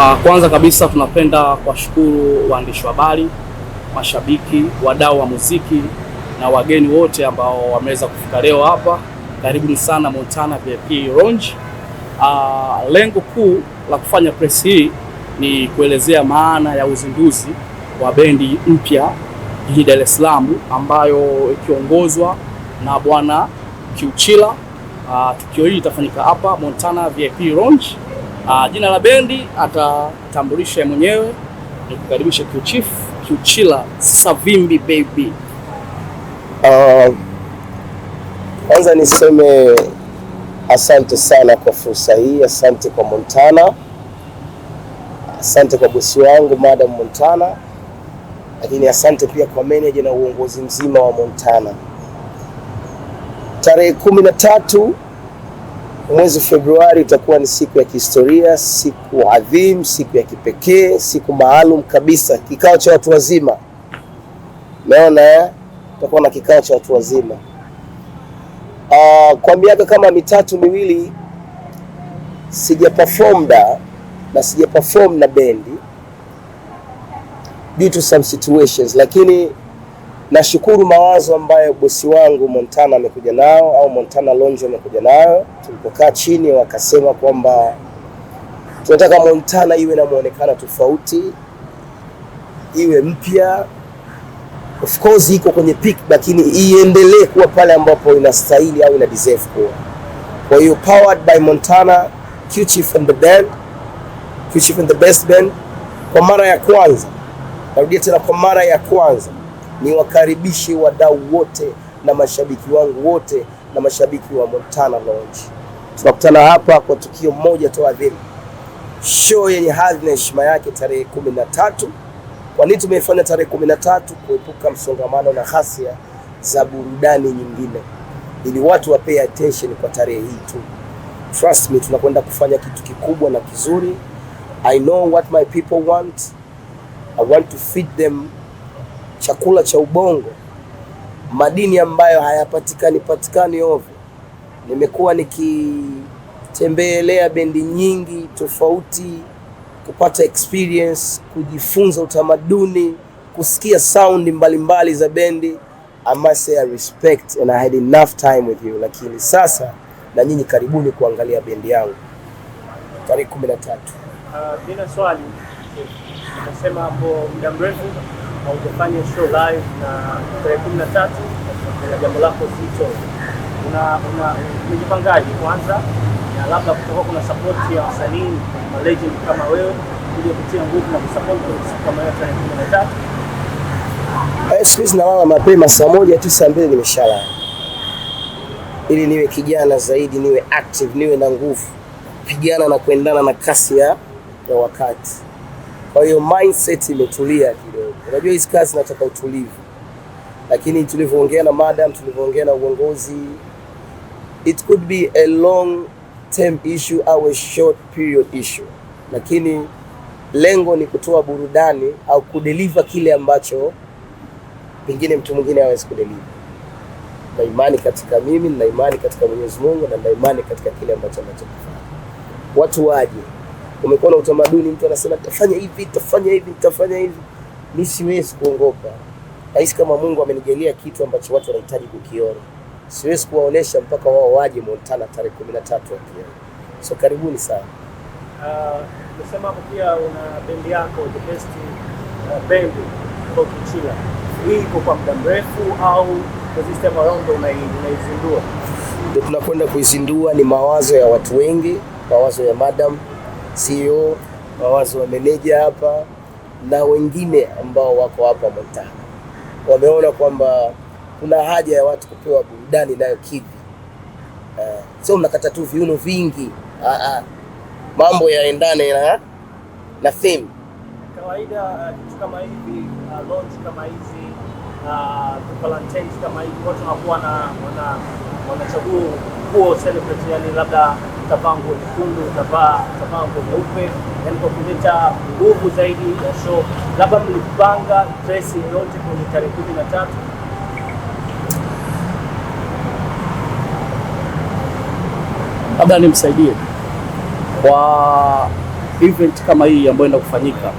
Ah, kwanza kabisa tunapenda kuwashukuru waandishi wa habari, mashabiki, wadau wa muziki na wageni wote ambao wameweza kufika leo hapa. Karibuni sana Montana VIP Lounge. Uh, lengo kuu la kufanya press hii ni kuelezea maana ya uzinduzi wa bendi mpya hii Dar es Salaam ambayo ikiongozwa na Bwana Kiuchila. Uh, tukio hili litafanyika hapa Montana VIP Lounge. Uh, jina la bendi atatambulisha mwenyewe. Nikukaribisha Q-Chief q Savimbi baby. Um, kwanza uh, niseme asante sana kwa fursa hii, asante kwa Montana, asante kwa bosi wangu Madam Montana, lakini asante pia kwa manager na uongozi mzima wa Montana. Tarehe kumi na tatu Mwezi Februari itakuwa ni siku ya kihistoria, siku adhimu, siku ya kipekee, siku maalum kabisa, kikao cha watu wazima. Naona eh? tutakuwa na kikao cha watu wazima uh, kwa miaka kama mitatu miwili sija perform da na sija perform na bendi due to some situations, lakini Nashukuru mawazo ambayo bosi wangu Montana amekuja nao au Montana Lonjo amekuja nayo. Tulipokaa chini, wakasema kwamba tunataka Montana iwe na muonekano tofauti, iwe mpya. Of course iko kwenye peak, lakini iendelee kuwa pale ambapo inastahili au ina deserve kuwa. Kwa hiyo powered by Montana Q-Chief and the band, Q-Chief and the best band, kwa mara ya kwanza, narudia tena, kwa mara ya kwanza niwakaribishe wadau wote na mashabiki wangu wote na mashabiki wa Montana Lounge. Tunakutana hapa kwa tukio moja tu adhimu, show yenye hadhi na heshima yake tarehe kumi na tatu. Kwa nini tumeifanya tarehe kumi na tatu? Kuepuka msongamano na ghasia za burudani nyingine, ili watu wa pay attention kwa tarehe hii tu. Trust me, tunakwenda kufanya kitu kikubwa na kizuri. I know what my people want. I want to feed them chakula cha ubongo, madini ambayo hayapatikani patikani ovyo. Nimekuwa nikitembelea bendi nyingi tofauti, kupata experience, kujifunza utamaduni, kusikia saundi mbalimbali za bendi. I must say I respect and I had enough time with you, lakini sasa na nyinyi karibuni kuangalia bendi yangu tarehe kumi na tatu. Uh, bila swali, nasema hapo muda mrefu haujafanya show live na tarehe kumi na tatu na jambo lako zito, umejipangaje kwanza, na labda kutoka kuna support ya wasanii na legend kama wewe ili kutia nguvu na kusupport kama hiyo tarehe kumi na tatu? Eh, siku hizi nalala mapema saa moja tu saa mbili nimeshalala, ili niwe kijana zaidi, niwe active, niwe na nguvu, pigana na kuendana na kasi ya wakati. Kwa hiyo mindset imetulia. Unajua hizi kazi zinataka utulivu, lakini tulivyoongea na madam, tulivyoongea na uongozi, it could be a long term issue au a short period issue, lakini lengo ni kutoa burudani au kudeliver kile ambacho pengine mtu mwingine hawezi kudeliver. Na imani katika mimi, na imani katika Mwenyezi Mungu, na na imani katika kile ambacho anachokifanya. Watu waje, umekuwa na utamaduni, mtu anasema tafanya hivi, tafanya hivi, tafanya hivi mi siwezi kuongoka rahisi kama Mungu amenijalia kitu ambacho watu wanahitaji kukiona, siwezi kuwaonesha mpaka wao waje Montana tarehe kumi na tatu wakiona. So karibuni sana. Umesema ah, hapo pia una bendi yako the best uh, band kwa Kichila, hii iko kwa muda mrefu au Ndio, tunakwenda kuizindua. Ni mawazo ya watu wengi, mawazo ya madam CEO, mawazo ya meneja hapa na wengine ambao wako hapa Montana wameona kwamba kuna haja ya watu kupewa burudani inayokidhi. Uh, eh, sio mnakata tu viuno vingi. Uh, uh, mambo yaendane na na theme. Kawaida uh, kitu uh, kama hivi uh, launch kama hizi uh, plantains kama hivi watu wanakuwa na wanachagua kuo celebrate, yani labda utavaa nguo nyekundu, utavaa nguo nyeupe, yani kwa kuleta nguvu zaidi ya show. Labda mlipanga dress yoyote kwenye tarehe kumi na tatu? Labda nimsaidie kwa event kama hii ambayo inaenda kufanyika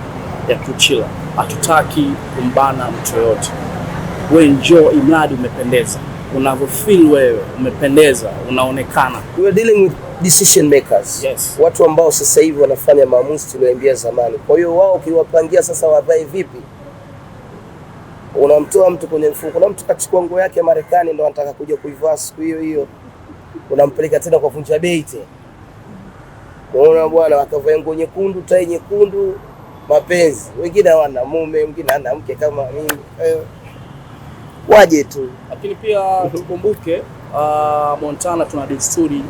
ya kuchila hatutaki kumbana mtu yoyote. We njoo imradi umependeza unavyofeel wewe umependeza, unaonekana. We are dealing with decision makers. Yes. Watu ambao sasa hivi wanafanya maamuzi tuliambia zamani. Kwa hiyo wao ukiwapangia sasa wavae vipi, unamtoa mtu kwenye mfuko, na mtu kachukua nguo yake Marekani ndo anataka kuja kuivaa siku hiyo hiyo, unampeleka tena kwa vunja bei tena. Unaona bwana, akavaa nguo nyekundu, tai nyekundu, mapenzi. Wengine hawana mume, wengine hana mke kama mimi waje tu, lakini pia tukumbuke uh, Montana tuna desturi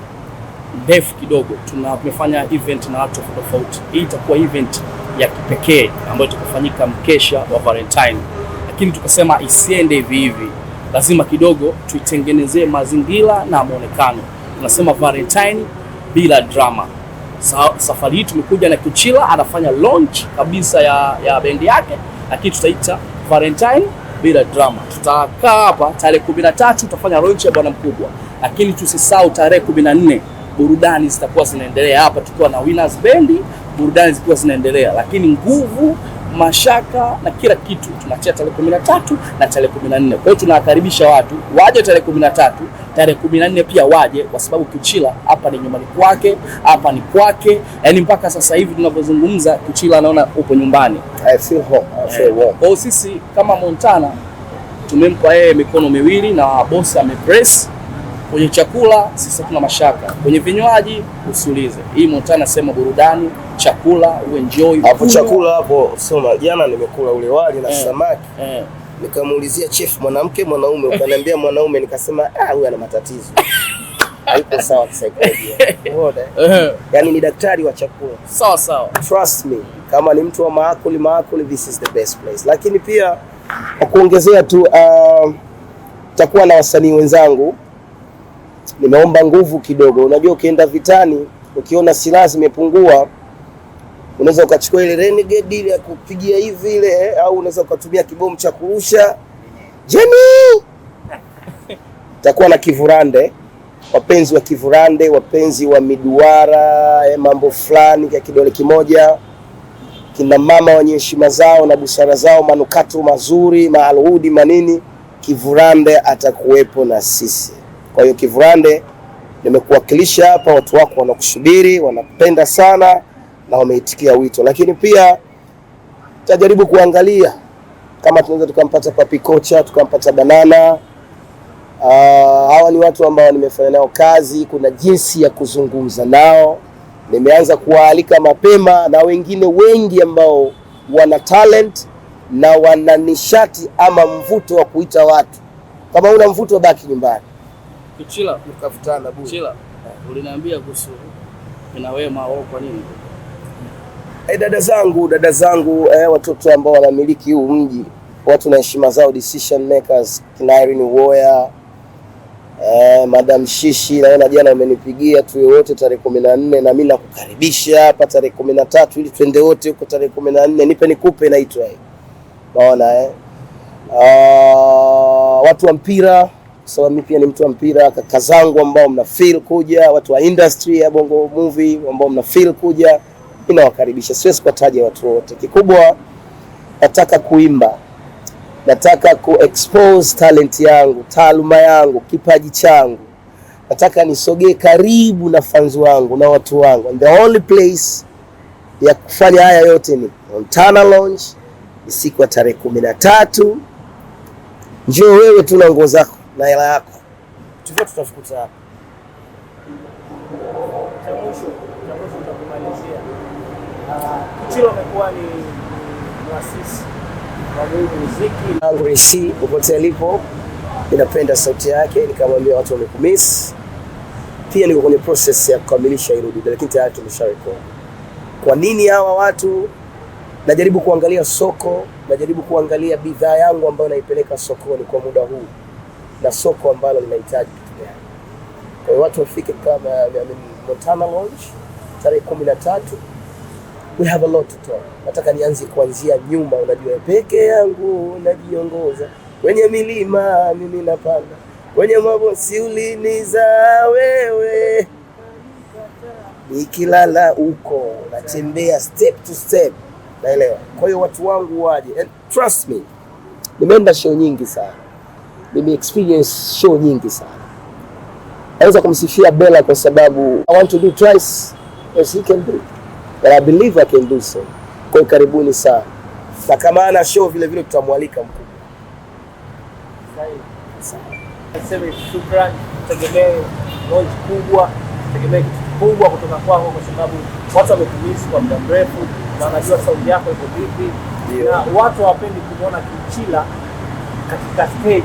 ndefu kidogo, tumefanya event na watu tofauti. Hii itakuwa event ya kipekee ambayo itakufanyika mkesha wa Valentine, lakini tukasema isiende hivi hivi, lazima kidogo tuitengenezee mazingira na mwonekano. Tunasema Valentine bila drama. Sa, safari hii tumekuja na Kuchila anafanya launch kabisa ya, ya bendi yake, lakini tutaita Valentine bila drama. Tutakaa hapa tarehe kumi na tatu tutafanya launch ya bwana mkubwa, lakini tusisahau tarehe kumi na nne burudani zitakuwa zinaendelea hapa tukiwa na Winners Bendi, burudani zikiwa zinaendelea, lakini nguvu mashaka na kila kitu tunachia tarehe kumi na tatu na tarehe kumi na nne. Kwa hiyo tunawakaribisha watu waje tarehe kumi na tatu tarehe nne pia waje, kwa sababu Kichila hapa ni nyumbani kwake, hapa ni kwake. Yani mpaka sasa hivi tunavyozungumza, Kichila anaona upo nyumbani. Eh, I feel home, I feel eh, warm. Kwa sisi kama Montana tumempa yeye mikono miwili na bosi amepress kwenye chakula. Sisi hatuna mashaka kwenye vinywaji, usiulize. Hii Montana sema burudani, chakula uenjoy hapo. Chakula hapo soma, jana nimekula ule wali na eh, samaki eh nikamuulizia chef, mwanamke mwanaume? Ukaniambia mwanaume, nikasema ah, huyu ana matatizo hayupo sawa kisaikolojia. Unaona, yani ni daktari wa chakula sawa sawa. Trust me, kama ni mtu wa maakuli maakuli, this is the best place. Lakini pia kwa kuongezea tu uh, ah, takuwa na wasanii wenzangu, nimeomba nguvu kidogo. Unajua, ukienda vitani, ukiona silaha zimepungua unaweza ukachukua ile renegade ile ya kupigia hivi ile, eh, au unaweza ukatumia kibomu cha kurusha jeni. Takuwa na kivurande, wapenzi wa kivurande, wapenzi wa miduara, eh, mambo fulani ya kidole kimoja, kina mama wenye heshima zao na busara zao, manukato mazuri, maalhudi manini, kivurande atakuwepo na sisi. Kwa hiyo kivurande, nimekuwakilisha hapa, watu wako wanakusubiri, wanapenda sana na wameitikia wito, lakini pia tutajaribu kuangalia kama tunaweza tukampata Papi Kocha, tukampata Uh, Hawa ni watu ambao nimefanya nao kazi, kuna jinsi ya kuzungumza nao. Nimeanza kuwaalika mapema na wengine wengi ambao wana talent na wana nishati ama mvuto wa kuita watu. Kama una mvuto, baki nyumbani. Kichila mkafutana bure. Kichila eh. uliniambia kuhusu na wema wao, kwa nini? E, dada zangu dada zangu eh, watoto ambao wanamiliki huu mji watu na heshima zao, decision makers kina Irene Uwoya eh, Madam Shishi, naona jana wamenipigia tu wote tarehe kumi na nne na mimi nakukaribisha hapa tarehe kumi na tatu ili twende wote huko tarehe kumi na nne nipe nikupe inaitwa hii, naona eh. Uh, watu wa mpira sababu mimi pia ni mtu wa mpira, kaka zangu ambao mna feel kuja, watu wa industry ya bongo movie ambao mna feel kuja ila wakaribisha, siwezi kuwataja watu wote. Kikubwa nataka kuimba, nataka ku expose talent yangu, taaluma yangu, kipaji changu. Nataka nisogee karibu na fans wangu na watu wangu, and the only place ya kufanya haya yote ni Montana Lounge, ni siku ya tarehe kumi na tatu. Njoo wewe tu na nguo zako na hela yako, tutafukuta hapo. Chilo amekuwa ni mwasisi wa muziki popote alipo, ninapenda sauti yake, nikamwambia watu wamekumiss. Pia niko kwenye process ya kukamilisha hilo dude, lakini tayari tumesharekodi. Kwa nini hawa watu? Najaribu kuangalia soko, najaribu kuangalia bidhaa yangu ambayo naipeleka sokoni kwa muda huu na soko ambalo linahitaji kitu gani. Kwa hiyo watu wafike kama Montana tarehe kumi na tatu we have a lot to talk. Nataka nianze kuanzia nyuma, unajua peke yangu najiongoza kwenye milima mimi napanda kwenye mabo uliniza wewe, nikilala huko natembea step to step, naelewa. Kwa hiyo watu wangu waje, and trust me, nimeenda show nyingi sana, nime experience show nyingi sana. Naweza kumsifia Bella kwa sababu I want to do twice as he can do. But I believe I can do so. Kwa karibuni sana, na kama ana show vile vile tutamwalika mkubwa. shukrani, tegemee launch kubwa, tegemee kitu kubwa kutoka kwako, kwa sababu watu wamekumisi kwa muda mrefu na wanajua sauti yako iko vipi, na watu hawapendi kumwona kichila katika stage,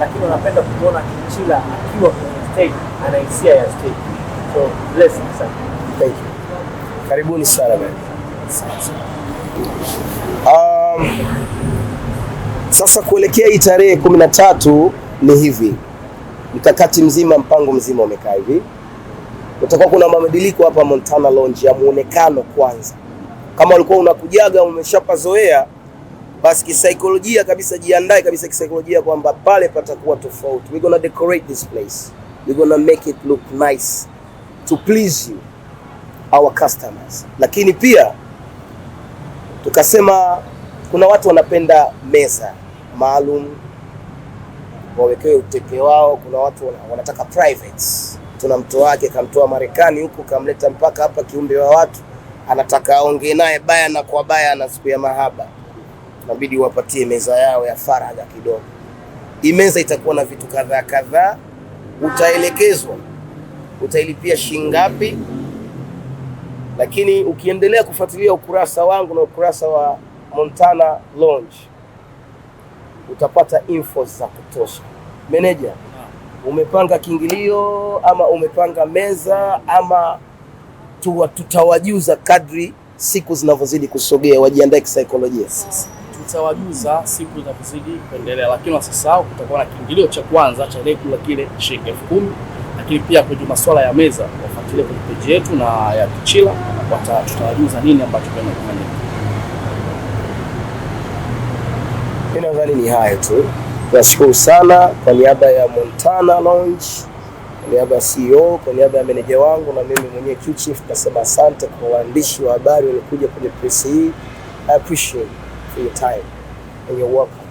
lakini wanapenda kumwona kichila akiwa kwenye stage, anahisia ya stage. So blessing sana. Karibuni sana bwana. Um, sasa kuelekea hii tarehe kumi na tatu ni hivi, mkakati mzima, mpango mzima umekaa hivi. Utakuwa kuna mabadiliko hapa Montana Lounge ya muonekano kwanza. Kama ulikuwa unakujaga umeshapazoea, basi kisaikolojia kabisa, jiandae kabisa kisaikolojia kwamba pale patakuwa tofauti. We gonna decorate this place, we gonna make it look nice to please you our customers. Lakini pia tukasema kuna watu wanapenda meza maalum wawekewe utepe wao, kuna watu wanataka private. Tuna mtu wake kamtoa Marekani huku kamleta mpaka hapa, kiumbe wa watu anataka aongee naye baya na kwa baya, na siku ya mahaba inabidi wapatie meza yao ya faragha kidogo. Hii meza itakuwa na vitu kadhaa kadhaa, utaelekezwa, utailipia shilingi ngapi lakini ukiendelea kufuatilia ukurasa wangu na ukurasa wa Montana Lounge utapata info za kutosha. Meneja, ah. umepanga kiingilio ama umepanga meza ama tuwa, tutawajuza kadri siku zinavyozidi kusogea, wajiandae kisaikolojia. Sasa tutawajuza siku zinavyozidi kuendelea, lakini wasisahau kutakuwa na kiingilio cha kwanza cha regular kile shilingi elfu kumi lakini pia kwenye masuala ya meza wafuatilie kwenye peji yetu na ya Kichila, tutawajuza nini ambacho kinafanyika. Mimi nadhani ni hayo tu. nashukuru sana kwa niaba ya Montana Lounge, kwa niaba ya CEO, kwa niaba ya meneja wangu na mimi mwenyewe Q Chief, nasema asante kwa waandishi wa habari waliokuja kwenye press hii. I appreciate for your time and your work.